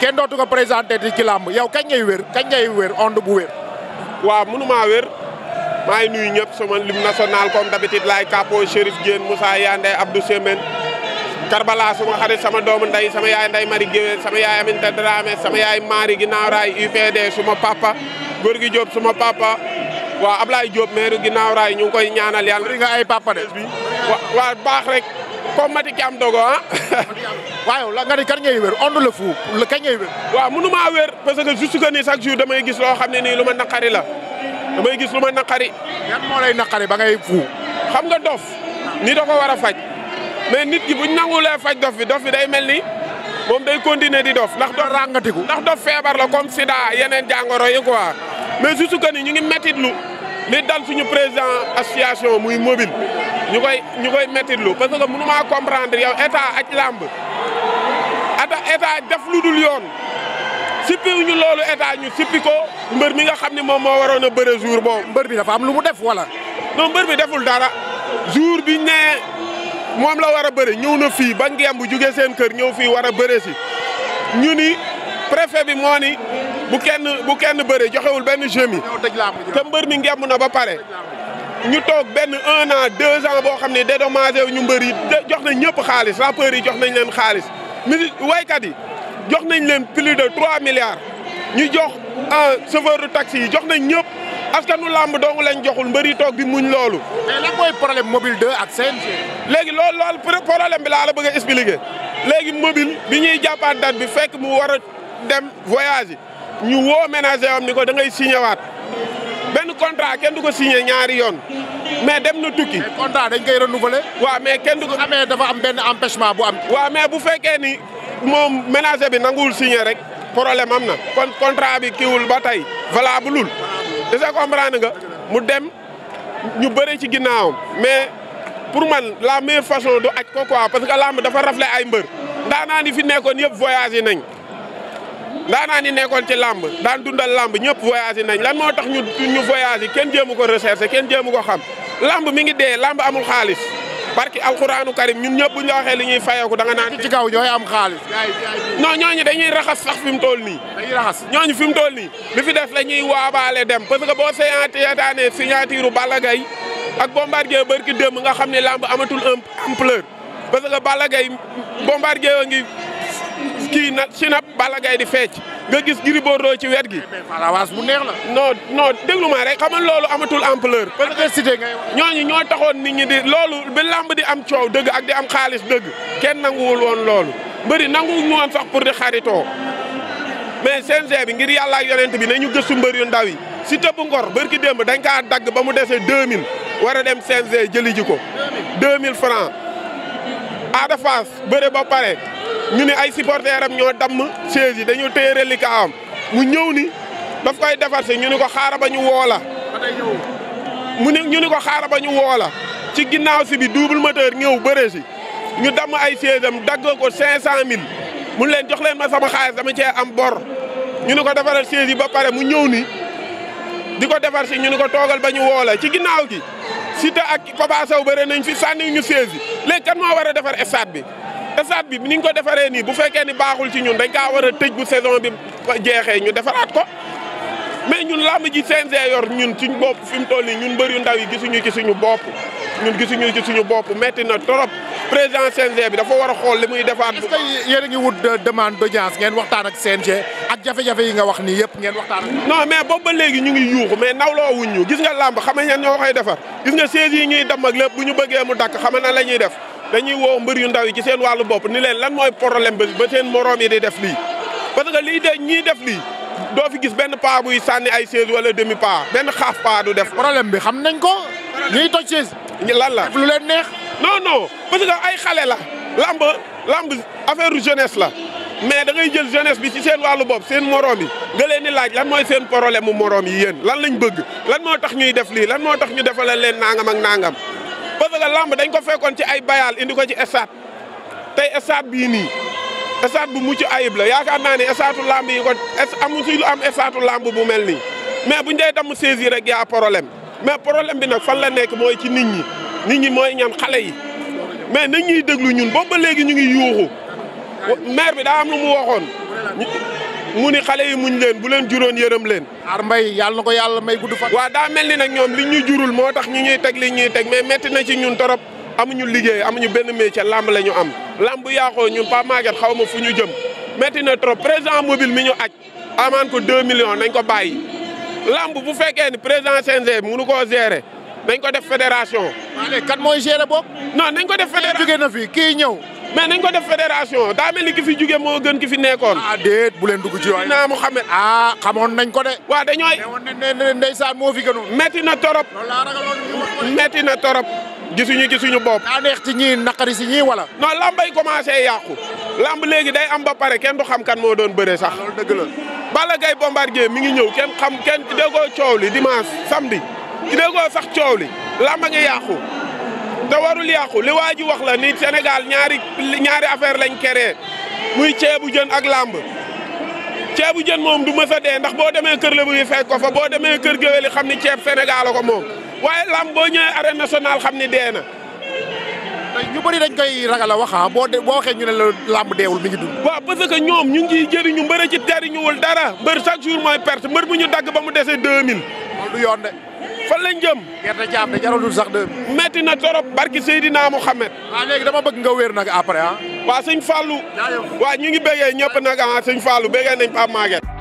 kenn dootu ko présenté ci làmb yow kañ ngay wér kañ ngay wér onde bu wér. waaw mënumaa ñëpp sama lim national comme d'habitude laay Kapo Chérif Diène Moussa Yandé Abdou Sembène Karbala suma xarit sama doomu ndey sama yaay nday Mari Géwél sama yaay Aminta Dramé sama yaay Mari ginnaaw raay UPD suma papa Gorgui Diop suma papa. waaw Ablaye Diop maire ginnaaw raay ñu ngi koy ñaanal yàlla. bëri nga ay papa de. baax rek. comme Mati am Dogo ah. waaw la nga ni kan ngay wér Onde le Fou la kañ ngay wér. waaw mënu maa wér parce que juste que ni chaque jour damay gis loo xam ne nii lu ma naqari la damay gis lu ma naqari. yan moo naqari ba ngay fu. xam nga dof ni da ko war a faj mais nit ki buñ nangu faj dof bi dof bi day mel ni moom day continuer di dof ndax dof ràngatiku ndax dof feebar la comme sida yeneen jàngoro yi quoi mais juste ñu ngi li dal suñu président association muy mobile ñu koy ñu koy mettitlu parce que mënu maa comprendre yow état ak làmb ata état def lu dul yoon sippi ñu loolu état ñu sippi ko mbër mi nga xam ni moom moo waroon a bëre jour bo mbër bi dafa am lu mu def wala. non mbër bi deful dara jour bi ne moom la war a bëre ñëw na fii ba ngemb bu jugee seen kër ñëw fii war a bëre si ñu ni préfet bi moo ni bu kenn bu kenn bëre joxewul benn jemi te mbër mi ngemm na ba pare ñu toog benn un an deux ans boo xam ne dédommagé wu ñu mbër yi jox nañ ñëpp xaalis rappeurs yi jox nañ leen xaalis misi waykat yi jox nañ leen plus de trois milliards ñu jox ah, chauffeur de taxi yi jox nañ ñëpp askanu làmb dong lañ joxul mbër mbëri toog bi muñ loolu. mais lan mooy problème mobile 2 ak léegi loolu loolu problème bi laa la bëgg a expliquer léegi mobile bi ñuy jàppaat date bi fekk mu war dem voyage ñu woo ménager am ni ko da ngay signé waat benn contrat kenn du ko signé ñaari yoon mais dem na tukki. mais contrat dañ ko renouveler. waa mais kenn du ko amee dafa am benn empêchement bu am. waa mais bu fekkee ni moom ménager bi nanguwul signé rek problème am na. kon contrat bi kiwul ba tey valable lul. dèjà comprendre nga mu dem ñu bëri ci ginnaawam mais pour man la meilleure façon du aj ko quoi parce que lamb dafa rafle ay mbër. ndaanaan yi fi nekkoon yëpp voyage yi nañ. ndaanaan yi nekkoon ci làmb daan dundal làmb ñëpp voyagé nañ lan moo tax ñu ñu voyagé kenn jéemu ko recherché kenn jéemu ko xam làmb mi ngi dee làmb amul xaalis parce que alxuraanu karim ñun ñëpp bu ñu la waxee li ñuy fayeeku da nga naan ci kaw ñooy am xaalis non ñooñu dañuy raxas sax fi mu toll nii dañuy raxas ñooñu fi mu toll nii li fi def la ñuy waabaale dem parce que boo seetaanee signature Balla Gaye ak Bombardier bërki démb nga xam ne làmb amatul ampleur parce que Balla Gaye Bombardier ngi kii na sinap Balla di fecc nga gis Gris Bordeaux ci wet gi. avance bu neex la. non non déglu ma rek xamal loolu amatul ampleur. parce que cité ngay wax ñooñu ñoo taxoon nit ñi di loolu ba làmb di am coow dëgg ak di am xaalis dëgg kenn nanguwul woon loolu mbëri nanguwuñu woon sax pour di xaritoo mais CNG bi ngir yàlla ak yonent bi nañu gëstu mbër yu ndaw yi si tëb ngor bërki démb dañ kaa dagg ba mu desee 2000 war a dem CNG jëli ji ko. 2000 francs Ada Fass bëre ba pare. ñu ne ay supporters am ñoo damm chaise yi dañu téye reliquat am mu ñëw ni daf koy defar si ñu ni ko xaara ba ñu woola mu ne ñu ko xaara ba ñu woola ci ginnaaw si bi double moteur ñëw bëre si ñu damm ay chaise am dagg ko cinq cent mille mu leen jox leen ma sama xaalis dama ci am bor ñu ni ko defaral chaise yi ba pare mu ñëw ni di ko defar si ñu ni ko toogal ba ñu woola ci ginnaaw gi Siteu ak Papa Sow bëre nañ fi sànni ñu chaise yi léegi kan moo war a defar stade bi stade bi ni ñu ko defaree nii bu fekkee ni baaxul ci ñun dañ kaa war a tëj bu saison bi jeexee ñu defaraat ko mais ñun làmb ji CNG yor ñun suñ bopp fi mu toll nii ñun mbër yu ndaw yi gisuñu ci suñu bopp ñun gisuñu ci suñu bopp metti na trop président CNG bi dafa war a xool li muy defaat. est-ce que yéen a ngi wut euh, demande d'audience ngeen waxtaan ak CNG ak jafe-jafe yi nga wax nii yëpp ngeen waxtaan ak. non mais boobu ba léegi ñu ngi yuuxu mais nawloo wuñ ñu gis nga làmb xam nga ñoo koy defar gis nga siège ñuy dem ak lépp bu ñu bëggee mu dakk xam na la ñuy def dañuy woo mbër yu ndaw yi ci seen wàllu bopp ni leen lan mooy problème ba seen moroom yi di def lii parce que lii de ñii def lii doo fi gis benn paa buy sànni ay chaise wala demi paa benn xaaf paa du def problème bi xam nañ ko ñuy toj chaise lan la lu leen neex non non parce que ay xale la lamb lamb affaire jeunesse la mais da ngay jël jeunesse bi ci seen wàllu bopp seen moroom yi nga leen di laaj lan mooy seen problème mu moroom yi yéen lan lañ bëgg lan moo tax ñuy def lii lan moo tax ñu defal leen nangam ak nangam parce que lamb dañ ko fekkoon ci ay bayal indi ko ci stade tey stade bii nii stade bu mucc ayib la yaakaar naa ne stade lamb yi ko amu si lu am stade lamb bu mel ni mais buñ dee damm saisir rek yaa problème mais problème bi nag fan la nekk mooy ci nit ñi nit ñi mooy ñan xale yi mais nañ ñuy déglu ñun boobu ba léegi ñu ngi yuuxu maire bi daa am lu mu waxoon mu ni xale yi muñ leen bu leen juróon yërëm leen. aar mbay yàlla na ko yàlla may gudd fan. waa daa mel ni nag ñoom li ñu jurul moo tax ñu ñuy teg li ñuy teg mais métti na ci ñun torop amuñu liggéey amuñu benn métier làmb la ñu am. làmb bu yaaxoo ñun Pape Maguette xaw ma fu ñu jëm métti na trop président mobile mi ñu aj amaan ko 2 millions nañ ko bàyyi làmb bu fekkee ni président CNG munu ko gérer nañ ko def fédération. kat mooy gere boobu. non nañ ko def fédération jóge na fi kii ñëw. mais nañ ko def fédération daa mel ni ki fi moo gën ki fi nekkoon. ah déet bu leen dugg ci waay naa mu xamee. ah xamoon nañ ko de. waa dañooy mais woon nañ ndeysaan moo fi gënoon. métti na torop métti na torop gisuñu ci suñu bopp. daa neex ci ñii naqari si ñii wala. non lambay commencé yàqu. lamb léegi day am ba pare kenn du xam kan moo doon bëree sax. Ah, loolu dëgg la. Balla Gaye Bombardier mi ngi ñëw kenn xam kenn déggoo coow li dimanche samedi déggoo sax coow li lamba ngi yàqu. te warul yàqu li waa ji wax la ni Sénégal ñaari ñaari affaire lañ créé muy ceebu jën ak làmb ceebu jën moom du mës a dee ndax boo demee kër Lebu yi fekk ko fa boo demee kër géwél xam ni ceeb Sénégal la ko moom waaye làmb boo ñëwee arène nationale xam ni dee na. ñu bëri dañ koy ragal a wax ah boo boo waxee ñu ne la làmb deewul mi ngi dund. waaw parce que ñoom ñu ngi ciy jëriñu mbër ci jëriñuwul dara mbër chaque jour mooy perte mbër mu ñu dagg ba mu dese 2000. loolu yoon de. fan lañ jëm. gerte caaf de jaralul sax de. metti na torop barki Seydina Mouhamed. waaw léegi dama bëgg nga wéer nag après ah. waa sëñ Fallou. waa ñu ngi béggee ñëpp nag ah sëñ Fallou béggee nañ Pape Maguette.